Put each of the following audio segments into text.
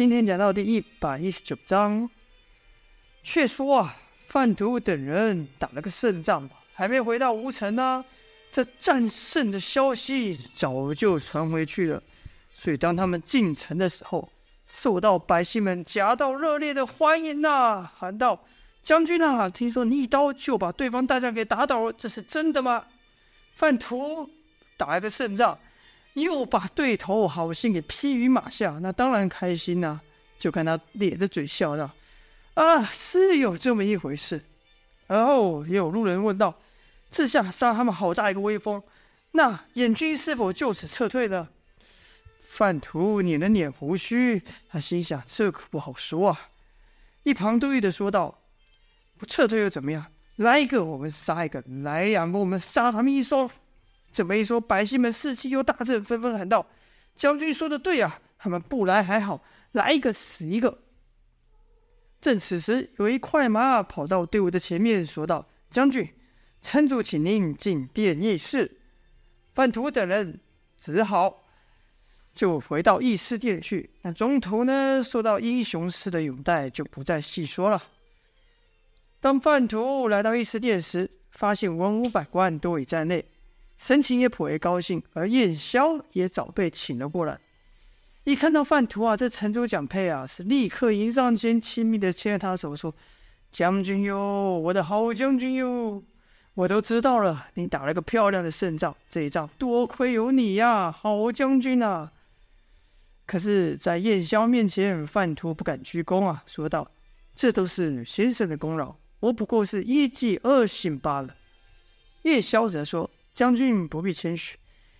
今天講到第一百一十九章，卻說啊，范圖等人打了個勝仗，還沒回到吳城呢，啊，這戰勝的消息早就傳回去了。所以當他們進城的時候，受到百姓們夾道熱烈的歡迎啊，喊道：“將軍啊，聽說你一刀就把對方大將給打倒了，這是真的嗎？”范圖打了個勝仗。又把對頭好心給劈於馬下，那當然開心吶、啊！就看他咧着嘴笑道：“啊，是有這麼一回事。哦”而後也有路人問道：“這下殺他們好大一個威風，那燕軍是否就此撤退了？”范圖捻了捻鬍鬚，他心想：“這可不好說啊。”一旁得意的說道：“不撤退又怎麼樣？來一個我們殺一個，來兩個我們殺他們一雙。”這麼一說，百姓們士氣又大振，紛紛喊道：“將軍說的對啊！”他們不來還好，來一個死一個。正此時，有一快馬跑到隊伍的前面，說道：“將軍，城主請您進殿議事。”范圖等人只好就回到議事殿去。那中途呢，受到英雄式的擁戴，就不再細說了。當范圖來到議事殿時，發現文武百官都已在內。神情也頗為高興，而燕蕭也早被請了過來。一看到范圖啊，這城主蔣佩啊，是立刻迎上前，親密的牽着他手說：“將軍喲，我的好將軍喲，我都知道了，你打了個漂亮的勝仗，這一仗多虧有你呀、啊，好將軍啊！”可是，在燕蕭面前，范圖不敢鞠躬啊，說道：“這都是先生的功勞，我不過是一計二心罷了。”燕蕭則說。將軍不必謙虛，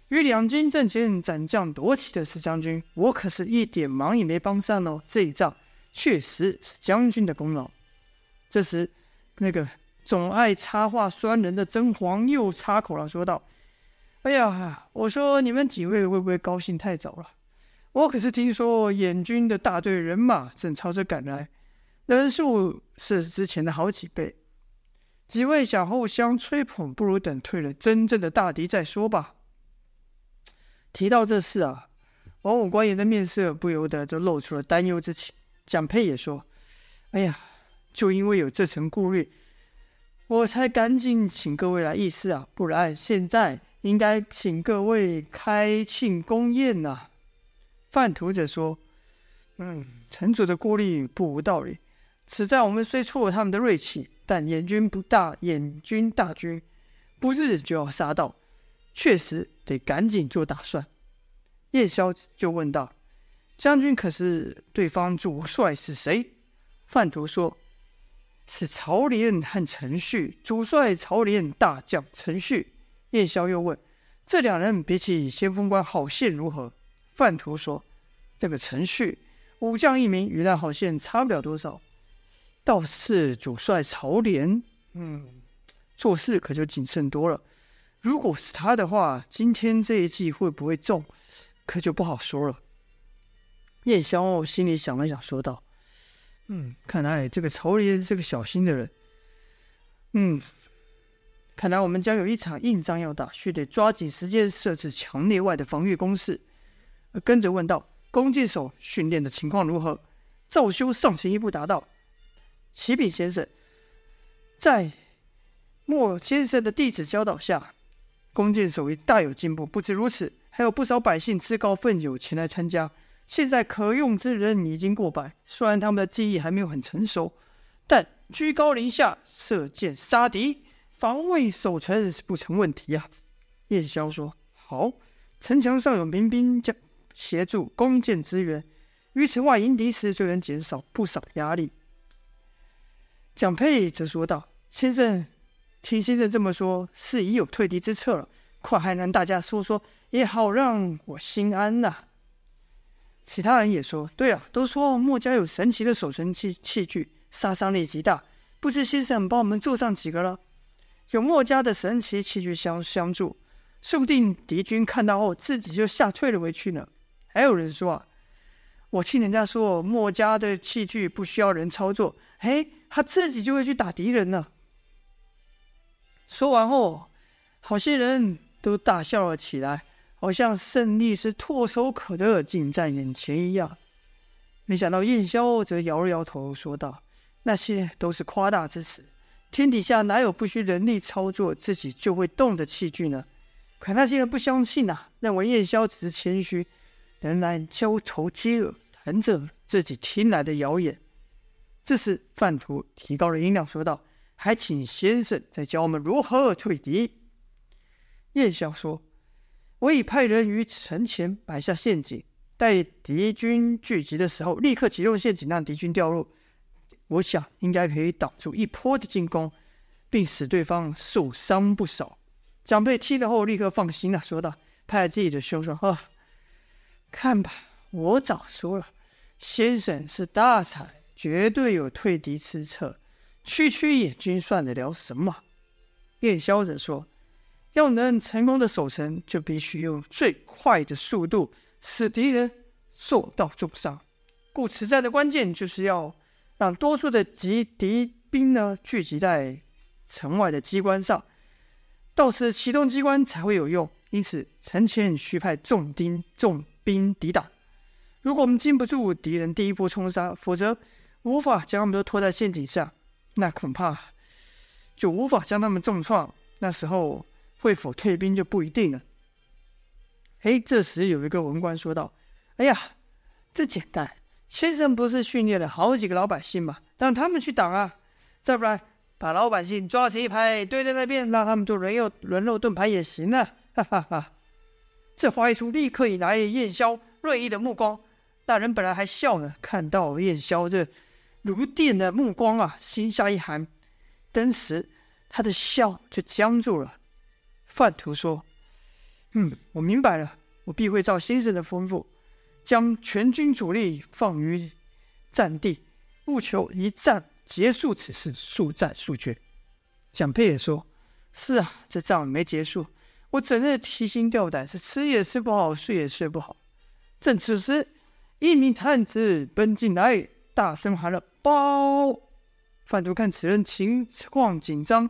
與兩軍陣前斬將奪旗的是將軍，我可是一點忙也沒幫上哦，這一仗確實是將軍的功勞。”這時，那個總愛插話酸人的甄璜又插口了，說道：“哎呀，我說你們幾位會不會高興太早了？我可是聽說演軍的大隊人馬正朝着趕來，人數是之前的好幾倍。”幾位想互相吹捧，不如等退了真正的大敵再說吧。提到這事啊，文武官員的面色不由得就露出了擔憂之情。蔣佩也說：“哎呀，就因為有這層顧慮，我才趕緊請各位來議事啊，不然現在應該請各位開慶功宴吶、啊。範圖則說：“嗯，城主的顧慮不無道理。此戰我們雖挫了他們的銳氣。”但演軍不大，演軍大軍不日就要殺到，確實得趕緊做打算。葉蕭就問道：“將軍，可是對方主帥是誰？”范圖說：“是曹廉和成續，主帥曹廉，大將成續。”葉蕭又問：“這兩人比起先鋒官，郝信如何？”范圖說：“這個成續，武將一名，與那郝信差不了多少。”倒是主帥曹廉，嗯，做事可就謹慎多了。如果是他的話，今天這一計會不會中，可就不好說了。燕霄歐心裡想了想說到，說道：“嗯，看來這個曹廉是個小心的人。嗯，看來我們將有一場硬仗要打，須得抓緊時間設置牆內外的防禦工事。”跟着問道：“弓箭手訓練的情況如何？”趙修上前一步答道。啟稟先生，在莫先生的弟子教導下，弓箭手藝大有進步。不止如此，還有不少百姓自告奮勇前來參加。現在可用之人已經過百，雖然他們的技藝還沒有很成熟，但居高臨下射箭殺敵、防衛守城是不成問題啊。葉蕭說：“好，城牆上有民兵將協助弓箭支援，於此外迎敵時就能減少不少壓力。”蔣佩則說道：“先生，聽先生這麼說，是已有退敵之策了。快，還能大家說說，也好讓我心安吶、啊。”其他人也說：“對啊，都說墨家有神奇的守城器器具，殺傷力極大。不知先生幫我們做上幾個了？有墨家的神奇器具相相助，說不定敵軍看到後、哦、自己就嚇退了回去呢。”還有人說、啊。我聽人家說，墨家的器具不需要人操作，哎，他自己就會去打敵人了。說完後，好些人都大笑了起來，好像勝利是唾手可得、近在眼前一樣。沒想到燕蕭則搖了搖，搖頭，說道：“那些都是誇大之詞，天底下哪有不需要人力操作自己就會動的器具呢？”可那些人不相信啊，認為燕蕭只是謙虛。仍然交頭接耳，談着自己聽來的謠言。這時，范圖提高了音量說道：“還請先生再教我們如何退敵。”葉蕭說：“我已派人於城前擺下陷阱，待敵軍聚集的時候，立刻啟動陷阱，讓敵軍掉落。我想應該可以擋住一波的進攻，並使對方受傷不少。”長輩聽了後，立刻放心了，說道：“拍自己的胸說啊！”看吧，我早說了，先生是大才，絕對有退敵之策。區區演軍算得了什麼？燕蕭者說：“要能成功的守城，就必須用最快的速度使敵人受到重傷。故此戰的關鍵就是要讓多數的敵敵兵呢聚集在城外的機關上，到時啟動機關才會有用。因此，城前需派重兵重。”兵抵擋，如果我們經不住敵人第一波衝殺，否則無法將他們都拖在陷阱下，那恐怕就無法將他們重創。那時候會否退兵就不一定了。誒，這時有一個文官說道：“哎呀，這簡單，先生不是訓練了好幾個老百姓嗎？讓他們去擋啊！再不然，把老百姓抓起一排堆在那邊，讓他們做人肉人肉盾牌也行啊！”哈哈哈,哈。這話一出，立刻引來燕蕭銳意的目光。那人本來還笑呢，看到燕蕭這如電的目光啊，心下一寒，頓時他的笑就僵住了。范圖說：“嗯，我明白了，我必會照先生的吩咐，將全軍主力放於戰地，務求一戰結束此事，速戰速決。”蔣佩也說：“是啊，這仗沒結束。”我整日提心吊膽，是吃也吃不好，睡也睡不好。正此時，一名探子奔進來，大聲喊了包，“報”。范圖看此人情況緊張，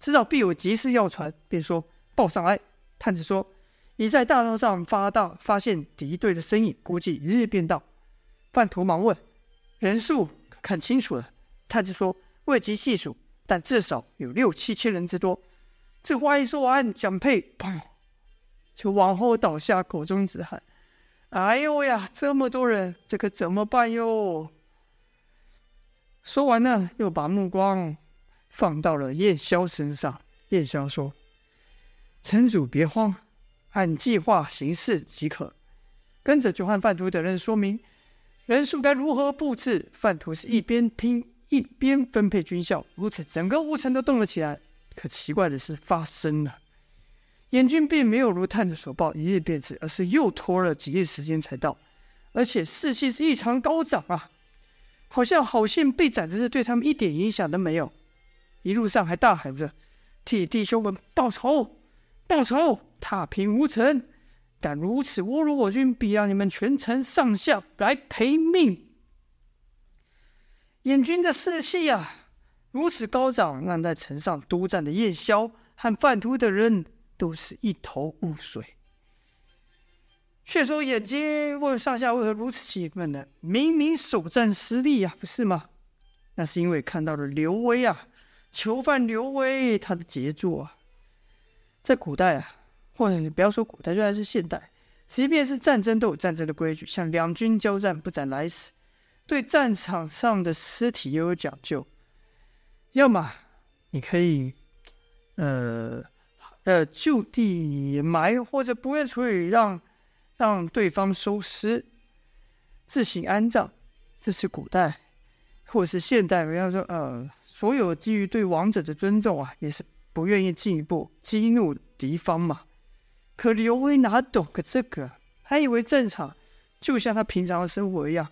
知道必有急事要傳，便說：“報上來。”探子說：“已在大道上發到，發現敵對的身影，估計一日便到。”范圖忙問：“人數看清楚了？”探子說：“未及細數，但至少有六七千人之多。”這話一說完，蔣佩砰就往後倒下，口中直喊：“哎呦呀，這麼多人，這可、個、怎麼辦喲！”說完呢，又把目光放到了燕蕭身上。燕蕭說：“城主別慌，按計劃行事即可。跟着就和范圖等人說明人數該如何佈置。范圖是一邊拼一邊分配軍校，如此整個烏城都動了起來。”可奇怪的事發生了，演軍並沒有如探子所報，一日便至，而是又拖了幾日時間才到，而且士氣是異常高漲啊，好像好心被斬只是對他們一點影響都沒有，一路上還大喊着替弟,弟兄們報仇，報仇，踏平無城，但如此侮辱我軍，必讓你們全城上下來賠命。演軍的士氣呀！如此高漲，讓在城上督戰的燕蕭和范圖的人都是一頭霧水。卻說演軍問上下：“為何如此氣憤呢？明明首戰失利啊，不是嗎？”那是因為看到了劉威啊，囚犯劉威，他的傑作啊。在古代啊，或者你不要說古代，就還是現代，即便是戰爭都有戰爭的規矩，像兩軍交戰不斬來使，對戰場上的屍體也有講究。要麼你可以，呃，呃，就地埋，或者不願意，讓讓對方收屍，自行安葬。這是古代，或者是現代，比方說，呃，所有基於對王者的尊重啊，也是不願意進一步激怒敵方嘛。可劉威哪懂個這個，還以為正常，就像他平常的生活一樣，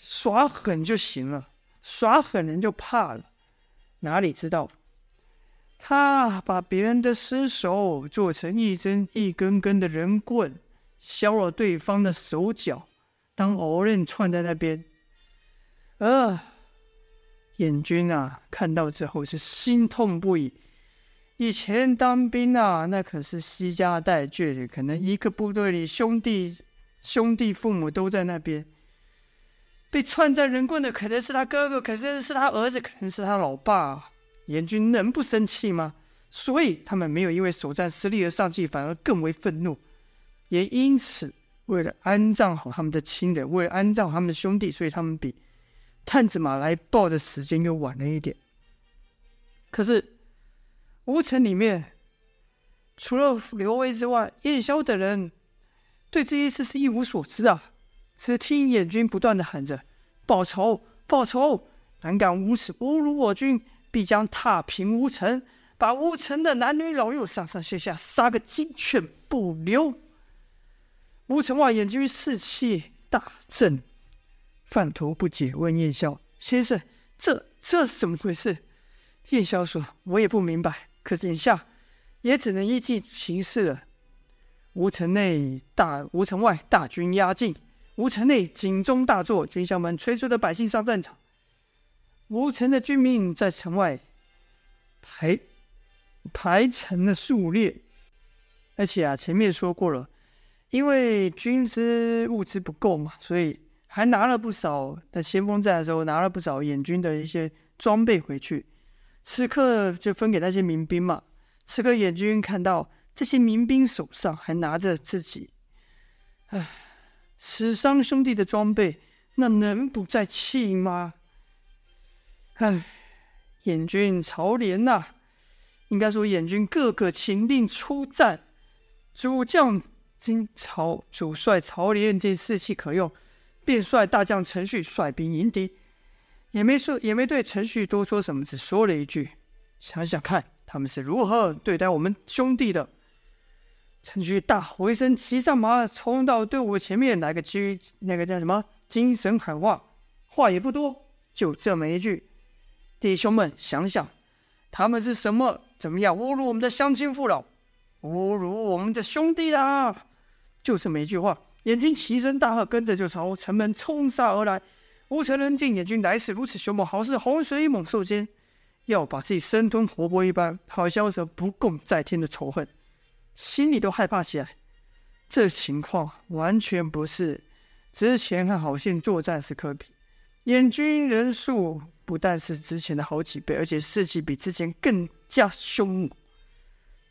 耍狠就行了，耍狠人就怕了。哪裡知道，他把別人的屍首做成一針，一根根的人棍，削了對方的手腳，當偶人串在那邊。啊、呃，燕軍啊，看到之後是心痛不已。以前當兵啊，那可是攜家帶眷，可能一個部隊裡兄弟、兄弟、兄弟父母都在那邊。被串在人棍的可能是他哥哥，可能是他兒子，可能是他老爸。演軍能不生氣嗎？所以他們沒有因為首戰失利而喪氣，反而更為憤怒。也因此，為了安葬好他們的親人，為了安葬他們的兄弟，所以他們比探子馬來報的時間又晚了一點。可是，烏城裡面除了劉威之外，燕蕭等人對這一事是一無所知啊。只聽燕軍不斷地喊着：“報仇，報仇！膽敢無恥侮辱我軍，必將踏平烏城，把烏城的男女老幼上上下下殺個雞犬不留。”烏城外，燕軍士氣大振。范圖不解，問燕昭：“先生，這這是怎麼回事？”燕昭說：“我也不明白，可眼下也只能依計行事了。”烏城內大，烏城外大軍壓境。吳城內警鐘大作，軍校們催促着百姓上戰場。吳城的軍民在城外排排成了數列，而且啊，前面說過了，因為軍資物資不夠嘛，所以還拿了不少在先鋒戰的時候拿了不少演軍的一些裝備回去。此刻就分給那些民兵嘛。此刻演軍看到這些民兵手上還拿着自己，唉。死傷兄弟的裝備，那能不再氣嗎？唉，燕軍曹廉吶、啊，應該說燕軍各個請令出戰，主將今朝主帥曹廉，見士氣可用，便率大將成續率兵迎敵，也沒說也沒對成續多說什麼，只說了一句：“想想看，他們是如何對待我們兄弟的。”陳巨大吼一聲，騎上馬衝到隊伍前面，來個狙，那個叫什麼精神喊話，話也不多，就這麼一句：“弟兄們，想想，他們是什麼？怎麼樣侮辱我們的鄉親父老，侮辱我們的兄弟啦？就這麼一句話，眼睛齊聲大喝，跟着就朝城門衝殺而來。烏承人見眼睛來勢如此凶猛，好似洪水一猛獸間，要把自己生吞活剝一般，好像是不共戴天的仇恨。心裡都害怕起來，這情況完全不是之前和郝信作戰時可比，演軍人數不但是之前的好幾倍，而且士氣比之前更加凶猛。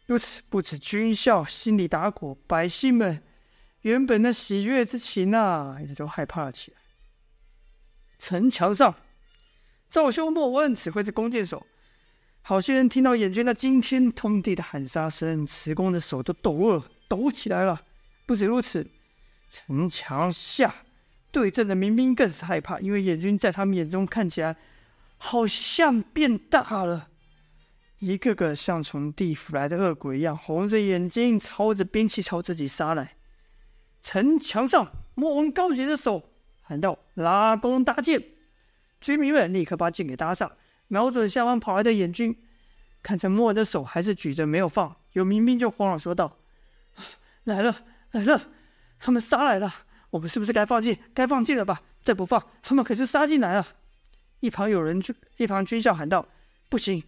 如此，不止軍校心裡打鼓，百姓們原本的喜悅之情啊，也都害怕了起來。城牆上，趙兄莫問指揮着弓箭手。好些人聽到演軍那驚天動地的喊殺聲，持弓的手都抖了，抖起來了。不止如此，城牆下對陣的民兵更是害怕，因為演軍在他們眼中看起來好像變大了，一個個像從地府來的惡鬼一樣，紅着眼睛，操着兵器朝自己殺來。城牆上，莫文高舉着手喊道：“拉弓搭箭！”居民們立刻把箭給搭上。瞄準下方跑來的演軍，看莫文的手還是舉着沒有放，有民兵就慌了，說道：“啊、來了來了，他們殺來了！我們是不是該放箭？該放箭了吧？再不放，他們可就殺進來了！”一旁有人，一旁軍校喊道：“不行，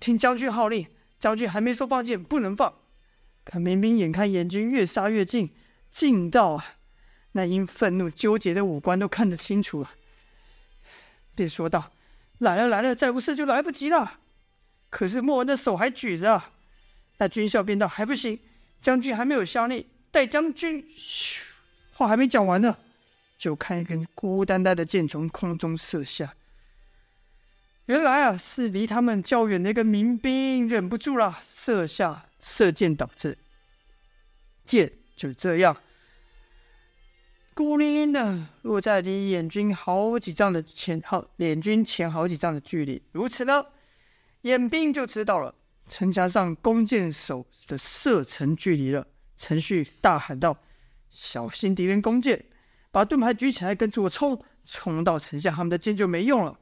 聽將軍號令，將軍還沒說放箭，不能放。”可民兵眼看演軍越殺越近，近到啊，那因憤怒糾結的五官都看得清楚了，便說道。來了來了，再不射就來不及了。可是莫文的手還舉着，那軍校便道還不行，將軍還沒有下令。待將軍，咻，話還沒講完呢，就看一根孤孤單單的箭從空中射下。原來啊，是離他們較遠的一個民兵忍不住了，射下射箭導致箭就這樣。孤零零的落在離演軍好幾丈的前後，演軍前好幾丈的距離。如此呢，演兵就知道了城牆上弓箭手的射程距離了。成續大喊道：“小心敵人弓箭，把盾牌舉起來，跟着我衝！衝到城下，他們的箭就沒用了。”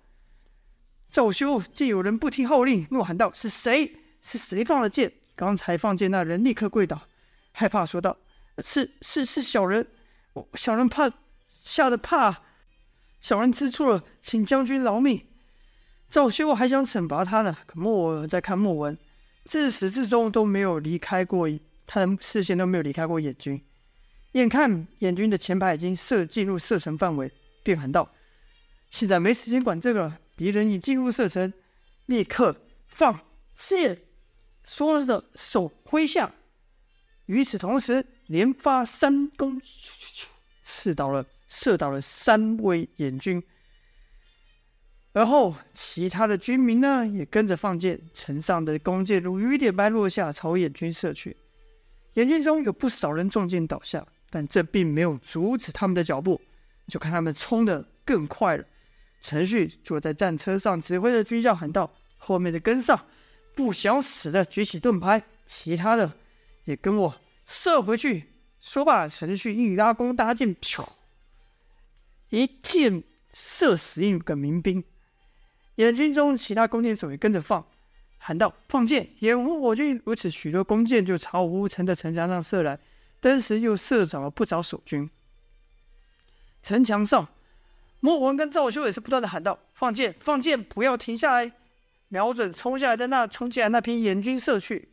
趙修見有人不聽號令，怒喊道：“是誰？是誰放了箭？”剛才放箭那人立刻跪倒，害怕說道：“是是是，是是小人。”哦、小人怕，嚇得怕，小人吃醋了，請將軍饒命。趙修還想懲罰他呢，可莫爾在看莫文，自始至終都沒有離開過他的視線，都沒有離開過演軍。眼看演軍的前排已經射進入射程範圍，便喊道：“現在沒時間管這個了，敵人已進入射程，立刻放箭！”說着，手揮下。與此同時，連發三弓，咻咻咻，射倒了，射倒了三位演軍。而後，其他的軍民呢，也跟着放箭，城上的弓箭如雨點般落下，朝演軍射去。演軍中有不少人中箭倒下，但這並沒有阻止他們的腳步，就看他們衝得更快了。成續坐在戰車上，指揮着軍校喊道：“後面的跟上，不想死的舉起盾牌，其他的也跟我。”射回去！說罷，成續一拉弓搭，搭箭，咻！一箭射死一個民兵。演軍中其他弓箭手也跟着放，喊道：“放箭！”掩護我軍如此許多弓箭就朝吳城的城牆上射來，登時又射倒了不少守軍。城牆上，莫文跟趙修也是不斷的喊道：“放箭！放箭！不要停下來，瞄準衝下來的那衝進來那批演軍射去。”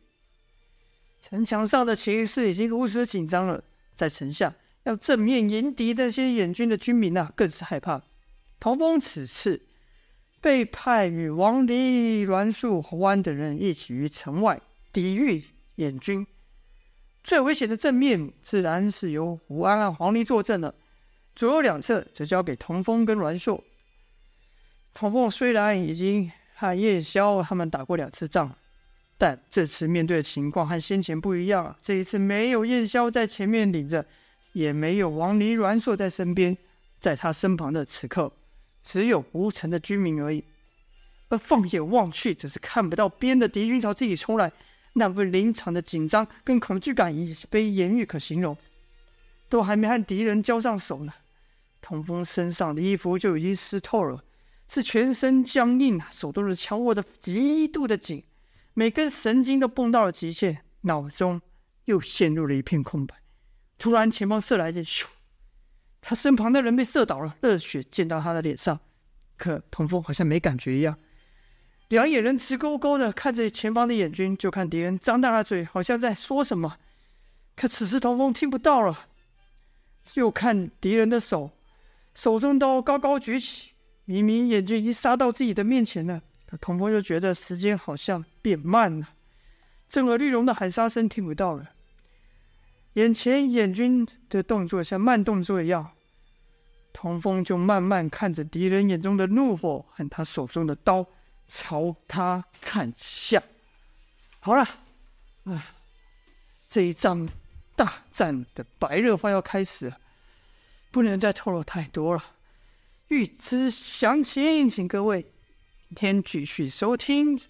城牆上的情勢已經如此緊張了，在城下要正面迎敵的那些演軍的軍民啊，更是害怕。童風此次被派與王離、欒樹、胡安等人一起於城外抵禦演軍。最危險的正面，自然是由胡安和王離坐鎮了，左右兩側則交給童風跟欒樹。童風雖然已經和夜宵他們打過兩次仗。但這次面對的情況和先前不一樣，這一次沒有燕蕭在前面領着，也沒有王離軟索在身邊，在他身旁的此刻，只有無城的居民而已。而放眼望去，則是看不到邊的敵軍朝自己衝來，那份臨場的緊張跟恐懼感已非言語可形容。都還沒和敵人交上手呢，童風身上的衣服就已經濕透了，是全身僵硬啊，手中的槍握得極度的緊。每根神經都繃到了極限，腦中又陷入了一片空白。突然，前方射來一箭，咻！他身旁的人被射倒了，熱血濺到他的臉上。可童風好像沒感覺一樣，兩眼仍直勾勾地看着前方的演軍，就看敵人張大了嘴，好像在說什麼。可此時童風聽不到了，就看敵人的手，手中刀高高舉起，明明演軍已經殺到自己的面前了。童風就覺得時間好像變慢了，震耳欲聾的喊殺聲聽不到了，眼前演軍的動作像慢動作一樣，童風就慢慢看着敵人眼中的怒火和他手中的刀朝他砍下。好了，啊，這一章大戰的白熱化要開始了，不能再透露太多了，欲知詳情，請各位。今天繼續收聽。